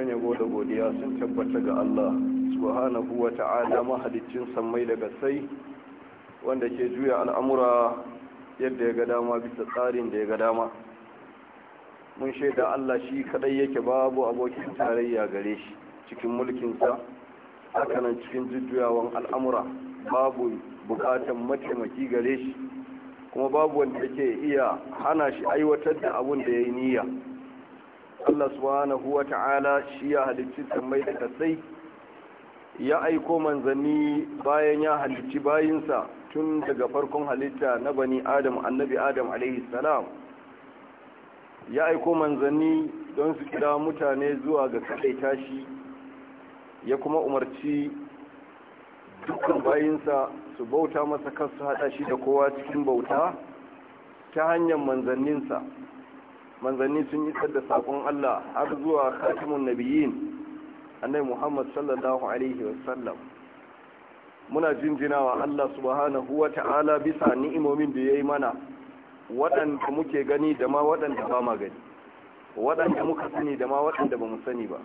kan yabo da godiya sun tabbata ga Allah subhanahu wa ta'ala mahaliccin sammai da gasai wanda ke juya al'amura yadda ya ga dama bisa tsarin da ya ga dama mun shaida Allah shi kadai yake babu abokin tarayya gare shi cikin mulkinsa nan cikin jujjuyawan al'amura babu bukatan mataimaki gare shi kuma babu wanda yake iya hana shi aiwatar da abun da ya yi niyya Allah subhanahu wa ta'ala shi ya halicci sammai da sai ya aiko manzanni bayan ya halicci bayinsa tun daga farkon halitta na bani adam annabi adam alaihi salam ya aiko manzanni don su kira mutane zuwa ga kaɗaita tashi, ya kuma umarci dukkan bayinsa su bauta masa kansu haɗa shi da kowa cikin bauta ta hanyar manzanninsa manzanni sun yi da sakon Allah har zuwa khatimun nabiyyin annabi Muhammad sallallahu alaihi wasallam muna jinjinawa Allah subhanahu wa ta'ala bisa ni'imomin da yayi mana waɗanda muke gani da ma waɗanda ba ma gani waɗanda muka sani da ma waɗanda ba mu sani ba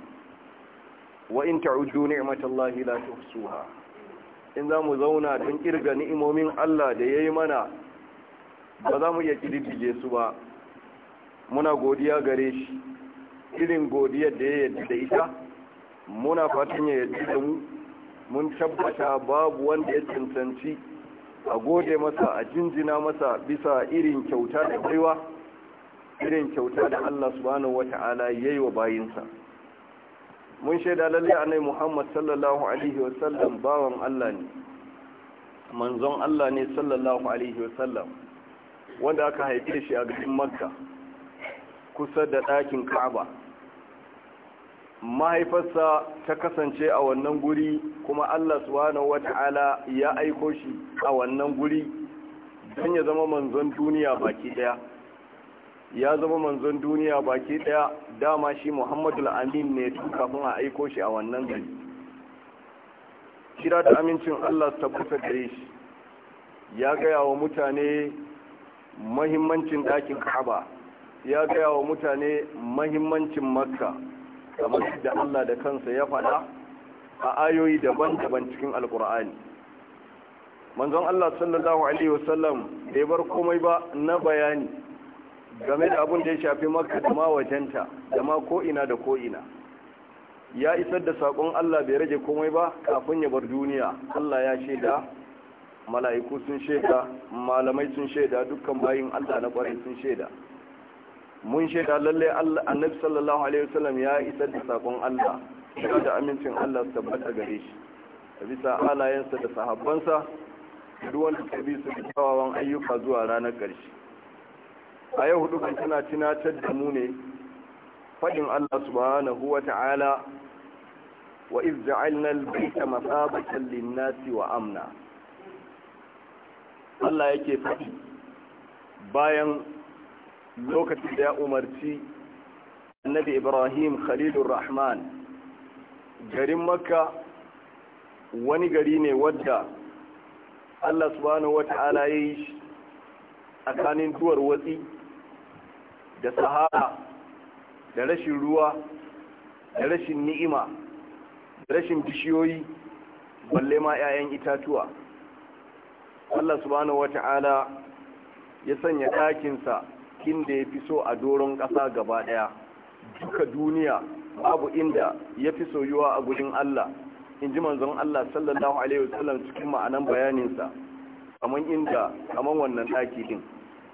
wa in ta'uddu ni'matallahi la tuhsuha in za mu zauna don kirga ni'imomin Allah da yayi mana ba za mu iya kididdige su ba muna godiya gare shi irin godiyar da ya yadda da ita muna fatan ya yadda da mu mun tabbata babu wanda ya cancanci a gode masa a jinjina masa bisa irin kyauta da baiwa irin kyauta da Allah subhanahu wata'ala ya yi wa bayinsa mun shaida lalle anai Muhammad sallallahu alaihi wa sallam bawan Allah ne manzon Allah ne sallallahu alaihi wa sallam wanda aka haife shi a garin Makka kusa da ɗakin ka'aba mahaifarsa ta kasance a wannan guri kuma allah subhanahu wata'ala ya aiko shi a wannan guri don ya zama manzon duniya baki ɗaya ya zama manzon duniya baki ɗaya dama shi muhammadu amin ne tun kafin a aiko shi a wannan gari kira da amincin allah su tabbata gare shi ya gaya wa mutane mahimmancin ɗakin ka'aba ya gaya wa mutane mahimmancin makka kamar da Allah da kansa ya faɗa a ayoyi daban-daban cikin alkur'ani manzon Allah sallallahu alaihi wasallam bai bar komai ba na bayani game da abin da ya shafi makka da mawajenta, da ma ko'ina da ko'ina ya isar da saƙon Allah bai rage komai ba kafin ya bar duniya Allah ya shaida mala'iku sun shaida malamai sun shaida dukkan bayin Allah na ƙwarai sun shaida mun shaida lallai annabi sallallahu alaihi wasallam ya isar da sakon Allah ya da amincin Allah su tabbata gare shi bisa alayensa da sahabbansa duk wanda ta bi su kyawawan ayyuka zuwa ranar ƙarshe a yau hudu kan tana tunatar da mu ne fadin Allah subhanahu wata'ala ta'ala wa iz ja'alna al-bayta masabatan lin-nasi wa amna Allah yake faɗi bayan lokacin da ya umarci annabi ibrahim khalilur rahman garin makka wani gari ne wadda allah subhanahu wata'ala ya yi tsakanin duwar watsi da sahara da rashin ruwa da rashin ni'ima da rashin bishiyoyi balle ma 'ya'yan itatuwa allah subhanahu wata'ala ya sanya ɗakinsa bakin da ya fi so a doron ƙasa gaba ɗaya duka duniya babu inda ya fi soyuwa a gudun Allah in ji manzon Allah sallallahu alaihi wasallam cikin ma'anan bayaninsa kamar inda kamar wannan ɗaki din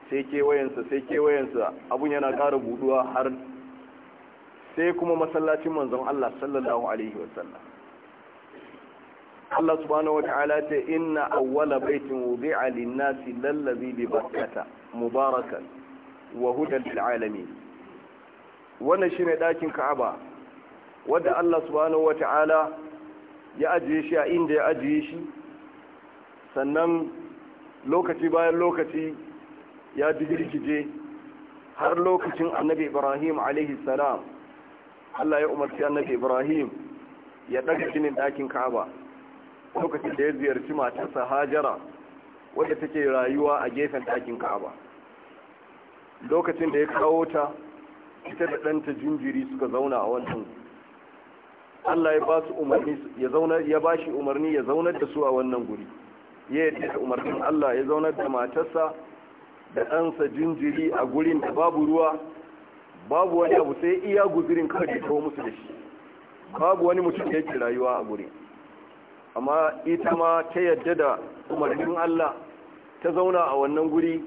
sai kewayensa sai kewayensa abun yana ƙara buɗuwa har sai kuma masallacin manzon Allah sallallahu alaihi wasallam Allah subhanahu wata'ala ta inna awwala baitin wudi'a lin-nasi lallazi bi Bakkata mubarakan wa hudan lil alamin wannan shine dakin Ka'aba wanda Allah subhanahu wata'ala ya ajiye shi a inda ya ajiye shi sannan lokaci bayan lokaci ya digirgije har lokacin annabi Ibrahim alaihi salam Allah ya umarci annabi Ibrahim ya daga ginin dakin Ka'aba lokacin da ya ziyarci matarsa Hajara wadda take rayuwa a gefen dakin Ka'aba lokacin da ya kawo ta ita da ɗanta jinjiri suka zauna a wannan Allah ya ba su umarni ya zauna ya ba shi umarni ya zaunar da su a wannan guri ya yi da umarnin Allah ya zaunar da matarsa da ɗansa jinjiri a gurin da babu ruwa babu wani abu sai iya guzirin kawai ko musu da shi babu wani mutum da yake rayuwa a gurin amma ita ma ta yadda da umarnin Allah ta zauna a wannan guri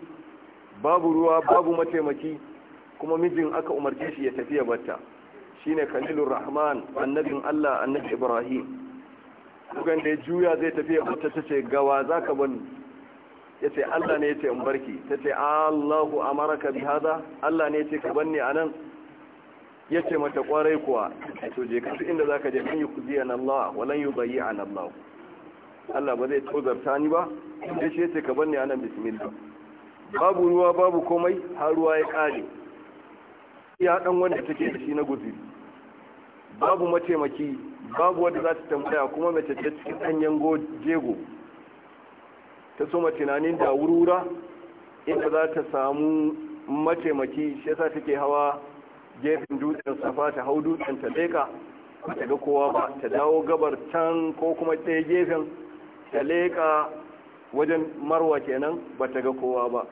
babu ruwa babu mataimaki kuma mijin aka umarce shi ya tafiya bata shine kalilur rahman annabin Allah annabi Ibrahim kugan da ya juya zai tafi ya batta tace gawa zaka bani ce Allah ne ya ce in barki ce Allahu amaraka bi hada Allah ne ya ce ka banni Ya ce mata kwarai kuwa to je ka inda za ka je kan yuziyan Allah walan yubayyi'an Allah Allah ba zai tozarta ni ba ya ce ka banni anan bismillah babu ruwa babu komai har ruwa ya kare ya dan wanda take da shi na guziri babu mataimaki babu wanda za ta tambaya kuma mace ta cikin danyen jego ta soma tunanin da wurwura inda za ta samu mataimaki shi yasa take hawa gefen dutsen safa ta hau dutsen ta leka ta ga kowa ba ta dawo gabar can ko kuma ɗaya gefen ta leka wajen marwa kenan ba ta ga kowa ba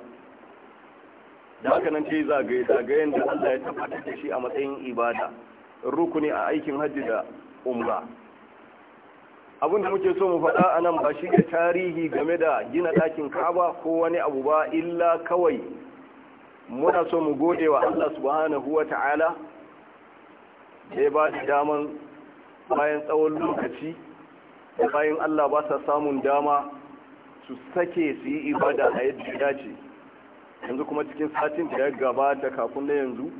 da haka nan ce zagaye zagayen da Allah ya tabbatar da shi a matsayin ibada rukuni a aikin hajji da umra abin da muke so mu faɗa a nan ba shi da tarihi game da gina ɗakin kaba ko wani abu ba illa kawai muna so mu gode wa Allah subhanahu wa ta'ala da ba da daman bayan tsawon lokaci bayan Allah ba sa samun dama su sake su yi ibada a yadda ya dace yanzu kuma cikin satin da ya gabata kafin na yanzu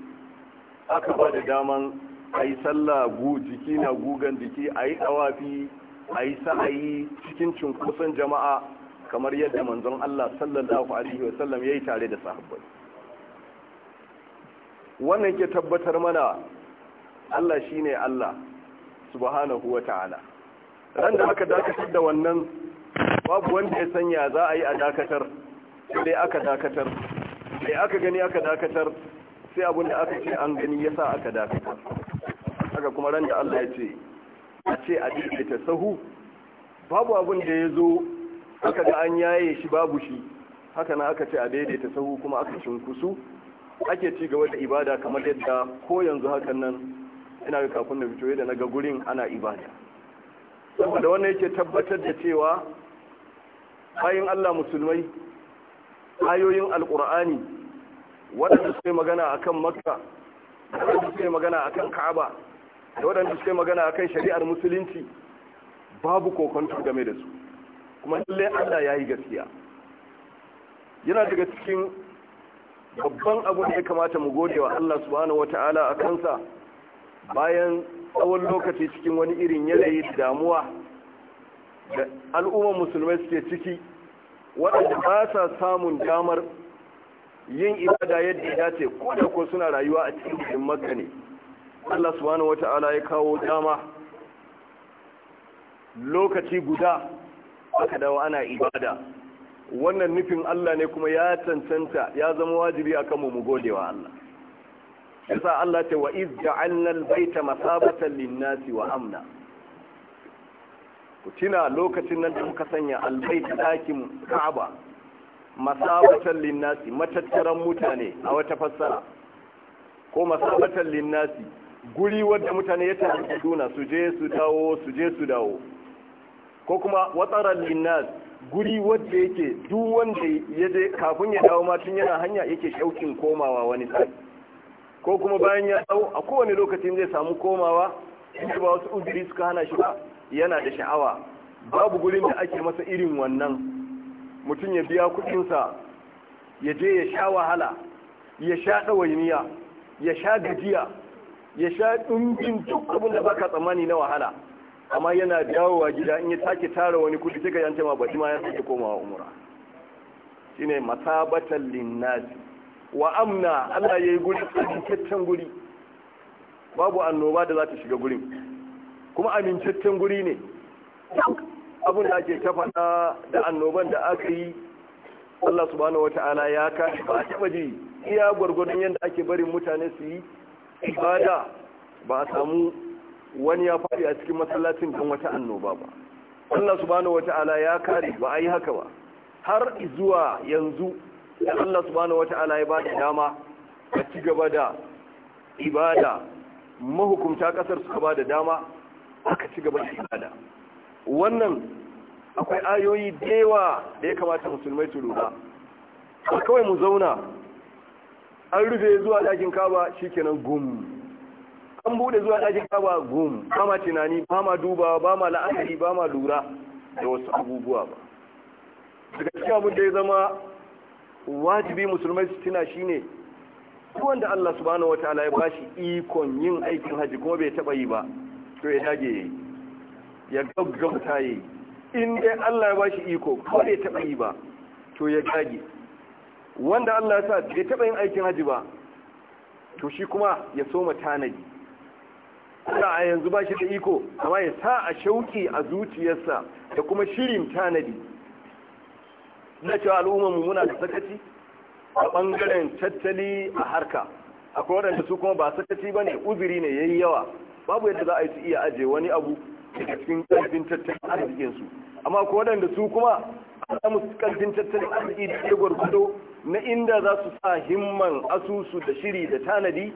aka ba da daman a yi sallah gu jiki na gugan jiki a yi tsawafi, a yi sa'ayi cikin cunkoson jama'a kamar yadda manzon Allah sallallahu alaihi wasallam ya yi tare da sahabbai wannan ke tabbatar mana Allah shi ne Allah subhanahu wa ta'ala ran da aka dakatar da wannan babu wanda ya sanya za a yi a dakatar sai aka dakatar sai aka gani aka dakatar sai abin da aka ce an gani ya sa aka dakatar haka kuma ran da Allah ya ce a ce a ta sahu babu abin da ya zo aka ga an yaye shi babu shi haka na aka ce a daidaita sahu kuma aka cinkusu ake ci gaba da ibada kamar yadda ko yanzu hakan nan ina ga kafin da fito yadda na ga gurin ana ibada saboda wannan yake tabbatar da cewa bayan Allah musulmai ayoyin alkur'ani waɗanda suke magana akan makka waɗanda suke magana akan ka'aba da waɗanda suke magana akan shari'ar musulunci babu kokonto game da su kuma lallai Allah ya yi gaskiya yana daga cikin babban abu da ya kamata mu gode wa Allah subhanahu wata'ala a kansa bayan tsawon lokaci cikin wani irin yanayi damuwa da al'ummar musulmai suke ciki waɗanda ba sa samun damar yin ibada yadda ya dace ko da ko suna rayuwa a cikin cikin makka ne Allah subhanahu ya kawo dama lokaci guda aka dawo ana ibada wannan nufin Allah ne kuma ya cancanta ya zama wajibi akan mu mu gode wa Allah yasa Allah ta wa iz ja'alna al-baita masabatan lin-nasi wa amna ku tuna lokacin nan da muka sanya ta ɗakin ka'aba masabatan linnasi matattaran mutane a wata fassara ko masabatan linnasi guri wadda mutane ya tafi duna su je su dawo su je su dawo ko kuma watsaran linnas guri wadda yake duk wanda ya je kafin ya dawo ma tun yana hanya yake shaukin komawa wani sai ko kuma bayan ya dawo a kowane lokacin zai samu komawa ba wasu ujiri suka hana shi ba yana da sha'awa babu gurin da ake masa irin wannan mutum ya biya kudinsa ya je ya sha wahala ya sha ɗawainiya ya sha gajiya ya sha ɗumbin duk abin da ka tsammani na wahala amma yana dawowa gida in ya take tara wani kudi suka yi ma ba ma ya sake komawa umura shine masabatan linnasi wa amna Allah yayi guri cikin guri babu annoba da za ta shiga gurin kuma amincaccen guri ne abin da ake ta da annoban da aka yi Allah subhanahu wata'ala ya kashi ba a taɓa ji iya gwargwadon yadda ake barin mutane su yi ibada ba a samu wani ya faɗi a cikin masallacin don wata annoba ba Allah subhanahu wata'ala ya kare ba a yi haka ba har zuwa yanzu da Allah subhanahu wata'ala ya ba da dama a ci gaba da ibada mahukunta kasar suka ba da dama aka ci gaba da ibada wannan akwai ayoyi da da ya kamata musulmai su lura ba kawai mu zauna an rufe zuwa ɗakin kaba shikenan gum an bude zuwa ɗakin kaba gum ba ma tunani ba ma duba ba ma la'akari ba ma lura da wasu abubuwa ba daga cikin abin da ya zama wajibi musulmai su tuna shine wanda Allah subhanahu ta'ala ya bashi ikon yin aikin haji kuma bai taɓa yi ba to ya dage ya gaggauta yi. in dai Allah ya bashi iko ko ya taɓa yi ba to ya dage wanda Allah ya sa bai taɓa yin aikin haji ba to shi kuma ya soma tanadi kuma a yanzu bashi da iko amma ya sa a shauki a zuciyarsa da kuma shirin tanadi na cewa mu muna da sakaci a ɓangaren tattali a harka akwai waɗanda su kuma ba sakaci ba ne uziri ne ya yi yawa babu yadda za a yi su iya aje wani abu daga cikin ƙarfin tattalin arzikinsu amma ko waɗanda su kuma a samu ƙarfin tattalin arziki da ke gwargwado na inda za su sa himman asusu da shiri da tanadi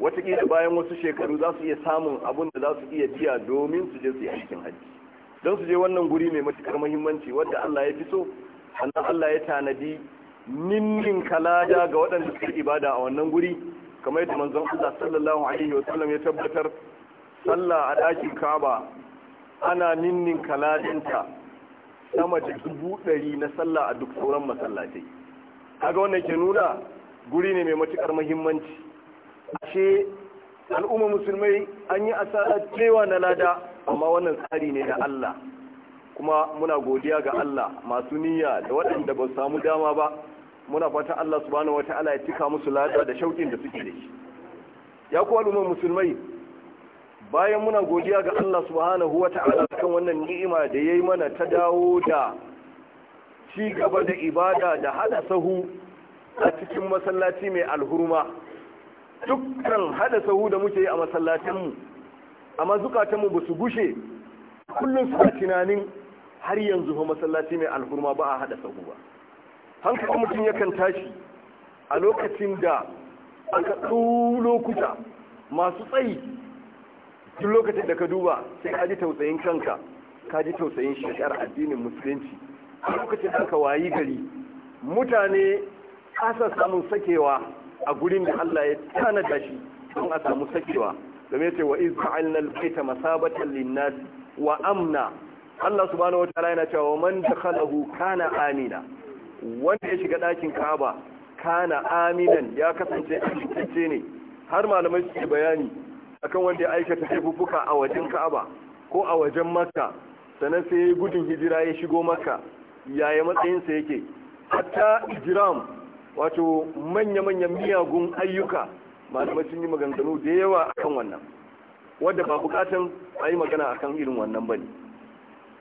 watakila bayan wasu shekaru za su iya samun abin da za su iya biya domin su je su yi aikin hajji don su je wannan guri mai matuƙar muhimmanci wadda Allah ya fi so sannan Allah ya tanadi ninnin kalada ga waɗanda suke ibada a wannan guri kamar yadda manzon Allah sallallahu alaihi wa sallam ya tabbatar sallah a ɗakin Ka'aba ana ninnin kaladinta sama da dubu ɗari na sallah a duk sauran masallatai kaga wannan ke nuna guri ne mai matukar muhimmanci ashe al'umma musulmai an yi asara cewa na lada amma wannan tsari ne na Allah kuma muna godiya ga Allah masu niyya da waɗanda ba samu dama ba muna fata Allah subhanahu ta'ala ya cika musu lada da shauƙin da suke da shi ya kuwa lumar musulmai bayan muna godiya ga Allah subhanahu ta'ala kan wannan ni'ima da ya yi mana ta dawo da ci gaba da ibada da hada sahu a cikin masallaci mai alhurma dukkan hada sahu da muke yi a masallatanmu amma zukatanmu ba su gushe kullum suna tunanin har yanzu ba masallaci mai alhurma ba a hada sahu ba hankalin mutum yakan tashi a lokacin da aka tsulo lokuta masu tsayi tun lokacin da ka duba sai ka ji tausayin kanka ka ji tausayin shekar addinin musulunci a lokacin da ka wayi gari mutane asa samun sakewa a gurin da Allah ya tanada shi don a samu sakewa game ce wa izu ja'alna baita masabatan lin wa amna Allah subhanahu wa ta'ala yana cewa man dakhalahu kana amina wanda ya shiga ɗakin kaba kana aminan ya kasance a amintacce ne har malamai suke bayani akan wanda ya aikata haifuffuka a wajen kaba ko a wajen makka sannan sai ya gudun hijira ya shigo makka yaya matsayinsa yake hatta ijiram wato manya-manyan miyagun ayyuka malamai sun yi maganganu da yawa akan wannan wadda ba bukatan a yi magana akan irin wannan bane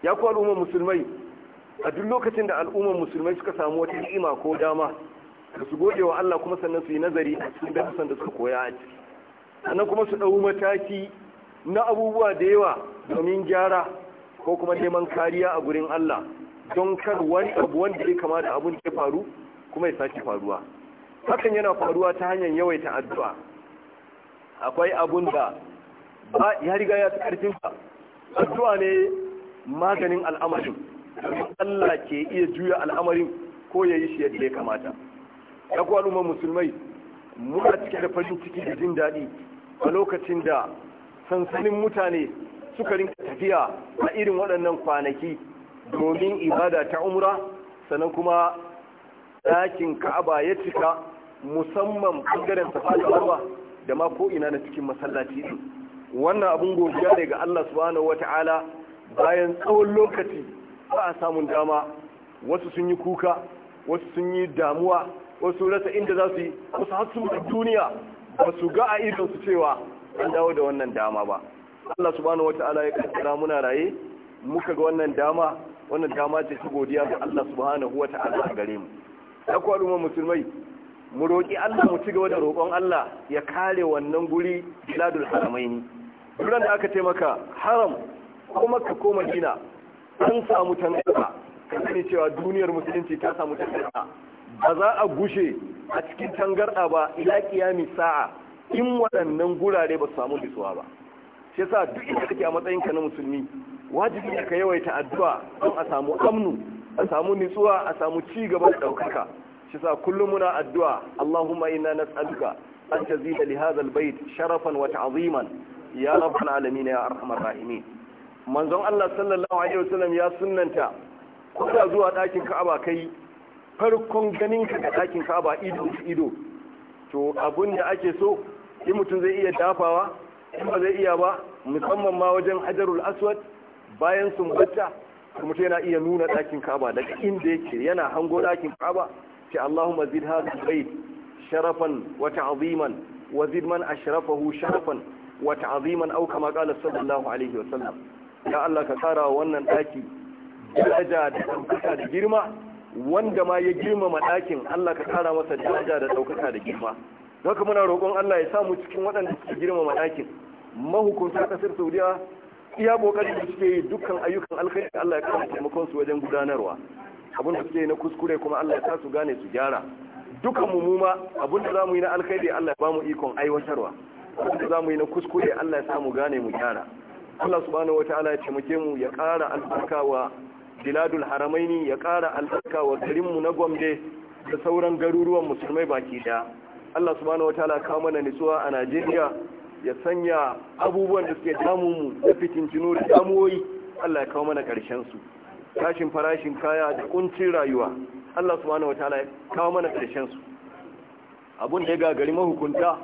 ya kuwa al'ummar musulmai a duk lokacin da al'ummar musulmai suka samu wata ni'ima ko dama da su gode wa Allah kuma sannan su yi nazari a cikin darussan da suka koya a ciki sannan kuma su ɗau mataki na abubuwa da yawa domin gyara ko kuma neman kariya a gurin Allah don kar wani abu wanda ya kama da abun ya faru kuma ya sake faruwa hakan yana faruwa ta hanyar yawaita addu'a akwai abun da ba ya riga ya fi ƙarfinka addu'a ne maganin al'amarin domin Allah ke iya juya al'amarin ko ya yi shi yadda ya kamata ya kuwa al'ummar musulmai muna cike da farin ciki da jin daɗi a lokacin da sansanin mutane suka rinka tafiya a irin waɗannan kwanaki domin ibada ta umra sannan kuma ɗakin ka'aba ya cika musamman ɓangaren safa da da ma ko'ina na cikin masallaci wannan abin godiya daga Allah subhanahu wata'ala bayan tsawon lokaci ba a samun dama wasu sun yi kuka wasu sun yi damuwa wasu rasa inda za su yi wasu hatsu da duniya ba su ga a idon su cewa an dawo da wannan dama ba Allah subhanahu wataala ya kankara muna raye muka ga wannan dama wannan dama ce ta godiya ga Allah subhanahu wataala a gare mu ya ku al'umma musulmai mu roƙi Allah mu ci gaba da roƙon Allah ya kare wannan guri biladul haramaini duran da aka taimaka haram ko makka koma gina. an samu kan sani cewa duniyar musulunci ta samu tangarda ba za a gushe a cikin tangarda ba ila kiyami sa'a in waɗannan gurare ba su samu nutsuwa ba shi yasa duk inda kake a matsayin ka na musulmi wajibi ne ka yawaita addu'a don a samu amnu a samu nutsuwa a samu ci gaba da ɗaukaka shi yasa kullum muna addu'a Allahumma inna nas'aluka an tazida li hadha al-bayt sharafan wa ta'ziman ya rabbal alamin ya arhamar rahimin manzon Allah sallallahu alaihi wasallam ya sunnanta kusa zuwa ɗakin Ka'aba kai farkon ganin ka ga ɗakin Ka'aba ido ido to abun da ake so in mutum zai iya dafawa in ba zai iya ba musamman ma wajen Hajarul Aswad bayan sumbata mutum yana iya nuna ɗakin Ka'aba daga inda yake yana hango ɗakin Ka'aba ce Allahumma zid hadha bayt sharafan wa ta'ziman wa zid man ashrafahu sharafan wa ta'ziman aw kama qala sallallahu alaihi ya Allah ka kara wannan daki daraja da ɗaukaka da girma wanda ma ya girmama ɗakin Allah ka kara masa daraja da ɗaukaka da girma haka muna roƙon Allah ya samu cikin waɗanda suke girmama ɗakin mahukunta ƙasar Saudiya iya kokarin da suke yi dukkan ayyukan alkhairi Allah ya kawo taimakon su wajen gudanarwa abin da suke na kuskure kuma Allah ya sa su gane su gyara Dukkan mu mu ma abin da zamu yi na alkhairi Allah ya bamu ikon aiwatarwa abin da zamu yi na kuskure Allah ya sa mu gane mu gyara Allah subhanahu wataala ya taimake mu ya ƙara albarka wa biladul haramaini ya ƙara albarka wa mu na Gombe da sauran garuruwan musulmai baki daya Allah subhanahu wataala kawo mana nutsuwa a Najeriya ya sanya abubuwan da suke damu mu da jinu da damuwoyi Allah ya kawo mana ƙarshen su tashin farashin kaya da kuncin rayuwa Allah subhanahu wataala ya kawo mana ƙarshen su abun da ya gagari mahukunta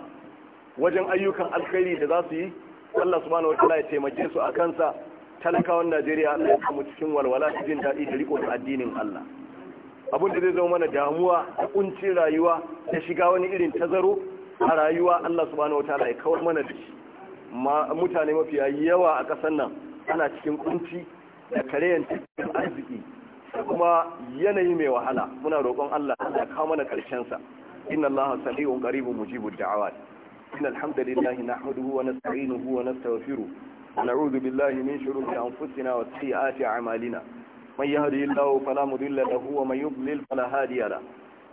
wajen ayyukan alkhairi da za su yi Allah subhanahu wataala ya taimake su a kansa talakawan Najeriya Allah ya mu cikin walwala su jin daɗi da riko da addinin Allah abin da zai zama mana damuwa da kuncin rayuwa da shiga wani irin tazaro a rayuwa Allah subhanahu wataala ya kawar mana da shi mutane mafi yawa a ƙasar nan ana cikin kunci da kareyan cikin arziki da kuma yanayi mai wahala muna roƙon Allah ya kawo mana ƙarshen sa inna Allah sami'un qaribun mujibud da'awat إن الحمد لله نحمده ونستعينه ونستغفره ونعوذ بالله من شرور أنفسنا وسيئات أعمالنا من يهده الله فلا مضل له ومن يضلل فلا هادي له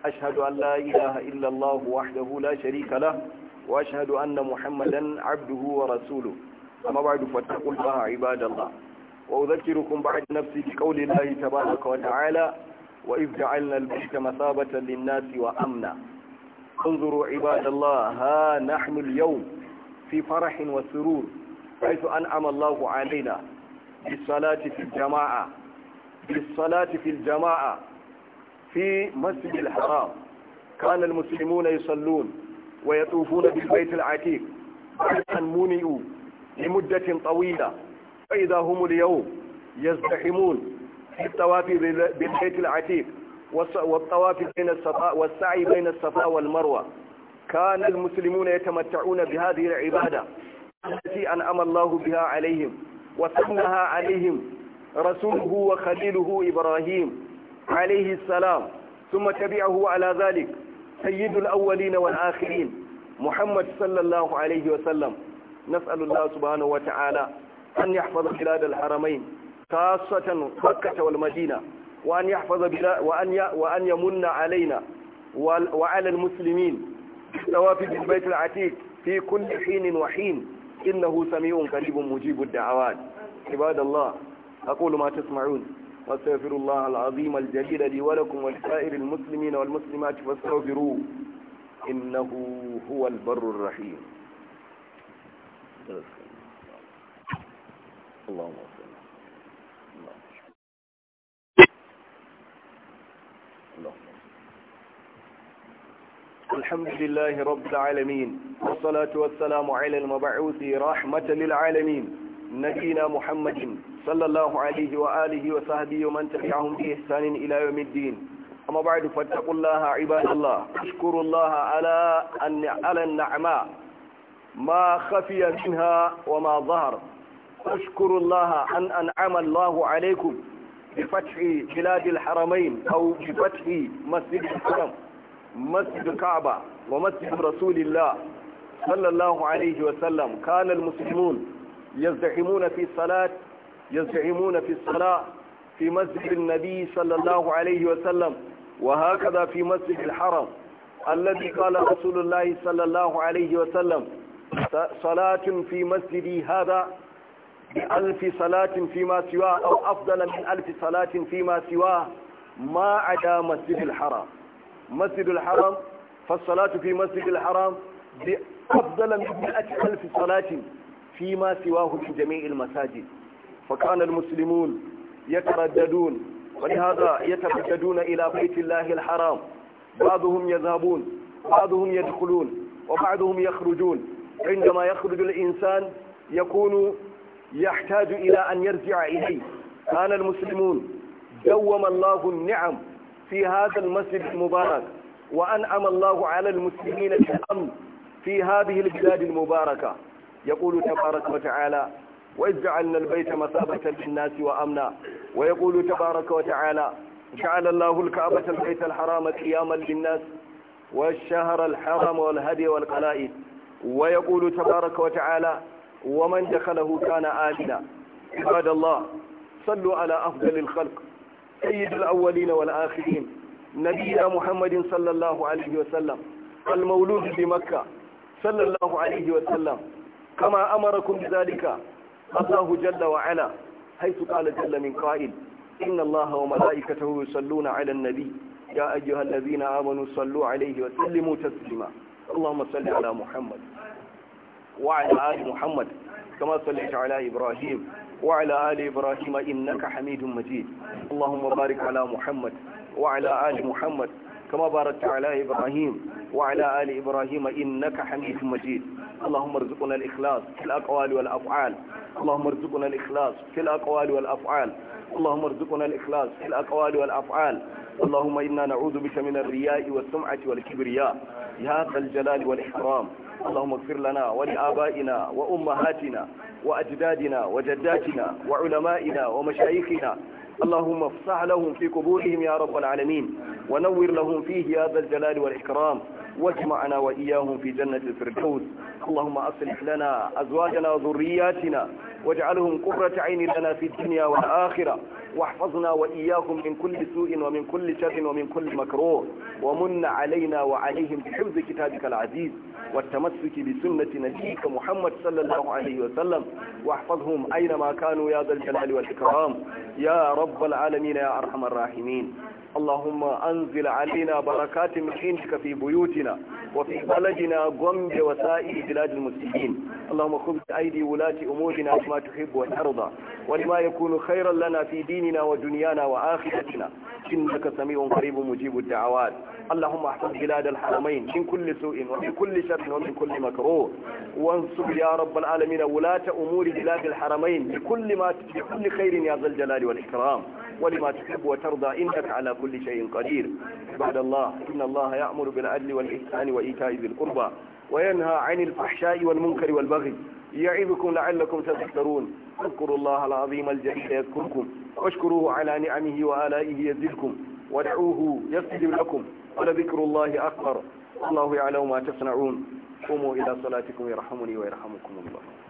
أشهد أن لا إله إلا الله وحده لا شريك له وأشهد أن محمدا عبده ورسوله أما بعد فاتقوا الله عباد الله وأذكركم بعد نفسي بقول الله تبارك وتعالى وإذ جعلنا البيت مثابة للناس وأمنا انظروا عباد الله ها نحن اليوم في فرح وسرور حيث أنعم الله علينا بالصلاة في الجماعة بالصلاة في الجماعة في مسجد الحرام كان المسلمون يصلون ويطوفون بالبيت العتيق بعد أن منئوا لمدة طويلة فإذا هم اليوم يزدحمون في الطواف بالبيت العتيق والطواف بين الصفا والسعي بين الصفا والمروة كان المسلمون يتمتعون بهذه العبادة التي أنعم الله بها عليهم وسنها عليهم رسوله وخليله إبراهيم عليه السلام ثم تبعه على ذلك سيد الأولين والآخرين محمد صلى الله عليه وسلم نسأل الله سبحانه وتعالى أن يحفظ بلاد الحرمين خاصة مكة والمدينة وأن يحفظ بنا وأن وأن يمن علينا وعلى المسلمين بالثواب البيت العتيق في كل حين وحين إنه سميع قريب مجيب الدعوات عباد الله أقول ما تسمعون واستغفر الله العظيم الجليل لي ولكم ولسائر المسلمين والمسلمات فاستغفروه إنه هو البر الرحيم اللهم صل الحمد لله رب العالمين والصلاة والسلام على المبعوث رحمة للعالمين نبينا محمد صلى الله عليه وآله وصحبه ومن تبعهم بإحسان إلى يوم الدين أما بعد فاتقوا الله عباد الله اشكروا الله على أن على النعماء ما خفي منها وما ظهر اشكروا الله أن أنعم الله عليكم بفتح بلاد الحرمين أو بفتح مسجد الحرم مسجد الكعبة ومسجد رسول الله صلى الله عليه وسلم كان المسلمون يزدحمون في الصلاة يزدحمون في الصلاة في مسجد النبي صلى الله عليه وسلم وهكذا في مسجد الحرم الذي قال رسول الله صلى الله عليه وسلم صلاة في مسجدي هذا بألف صلاة فيما سواه أو أفضل من ألف صلاة فيما سواه ما عدا مسجد الحرام مسجد الحرام فالصلاة في مسجد الحرام بأفضل من مئة ألف صلاة فيما سواه في جميع المساجد فكان المسلمون يترددون ولهذا يترددون إلى بيت الله الحرام بعضهم يذهبون بعضهم يدخلون وبعضهم يخرجون عندما يخرج الإنسان يكون يحتاج إلى أن يرجع إليه كان المسلمون دوم الله النعم في هذا المسجد المبارك وأنعم الله على المسلمين بالأمن في هذه البلاد المباركة يقول تبارك وتعالى وإذ جعلنا البيت مثابة للناس وأمنا ويقول تبارك وتعالى جعل الله الكعبة البيت الحرام قياما للناس والشهر الحرام والهدي والقلائد ويقول تبارك وتعالى ومن دخله كان آمنا عباد الله صلوا على أفضل الخلق سيد الأولين والآخرين نبينا محمد صلى الله عليه وسلم المولود بمكة صلى الله عليه وسلم كما أمركم بذلك الله جل وعلا حيث قال جل من قائل إن الله وملائكته يصلون على النبي يا أيها الذين آمنوا صلوا عليه وسلموا تسليما اللهم صل على محمد وعلى آل محمد كما صليت على إبراهيم وعلى آل إبراهيم إنك حميد مجيد اللهم بارك على محمد وعلى آل محمد كما باركت على إبراهيم وعلى آل إبراهيم إنك حميد مجيد اللهم ارزقنا الإخلاص في الأقوال والأفعال اللهم ارزقنا الإخلاص في الأقوال والأفعال اللهم ارزقنا الإخلاص في الأقوال والأفعال اللهم إنا نعوذ بك من الرياء والسمعة والكبرياء يا ذا الجلال والإحترام اللهم اغفر لنا ولآبائنا وأمهاتنا وأجدادنا وجداتنا وعلمائنا ومشايخنا اللهم افصح لهم في قبورهم يا رب العالمين ونور لهم فيه يا ذا الجلال والإكرام واجمعنا وإياهم في جنة الفردوس اللهم أصلح لنا أزواجنا وذرياتنا واجعلهم قرة عين لنا في الدنيا والآخرة واحفظنا وإياهم من كل سوء ومن كل شر ومن كل مكروه ومن علينا وعليهم بحفظ كتابك العزيز والتمسك بسنة نبيك محمد صلى الله عليه وسلم واحفظهم أينما كانوا يا ذا الجلال والإكرام يا رب العالمين يا أرحم الراحمين اللهم أنزل علينا بركات من عندك في بيوتنا وفي بلدنا قم وسائر بلاد المسلمين اللهم خذ أيدي ولاة أمورنا كما تحب وترضى ولما يكون خيرا لنا في ديننا ودنيانا وآخرتنا إنك سميع قريب مجيب الدعوات اللهم احفظ بلاد الحرمين من كل سوء ومن كل شر ومن كل مكروه وانصب يا رب العالمين ولاة أمور بلاد الحرمين بكل, ما بكل خير يا ذا الجلال والإكرام ولما تحب وترضى إنك على كل شيء قدير بعد الله إن الله يأمر بالعدل والإحسان وإيتاء ذي القربى وينهى عن الفحشاء والمنكر والبغي يعظكم لعلكم تذكرون اذكروا الله العظيم الجليل يذكركم واشكروه على نعمه وآلائه يزدكم وادعوه يستجب لكم ولذكر الله أكبر الله يعلم ما تصنعون قوموا إلى صلاتكم يرحمني ويرحمكم الله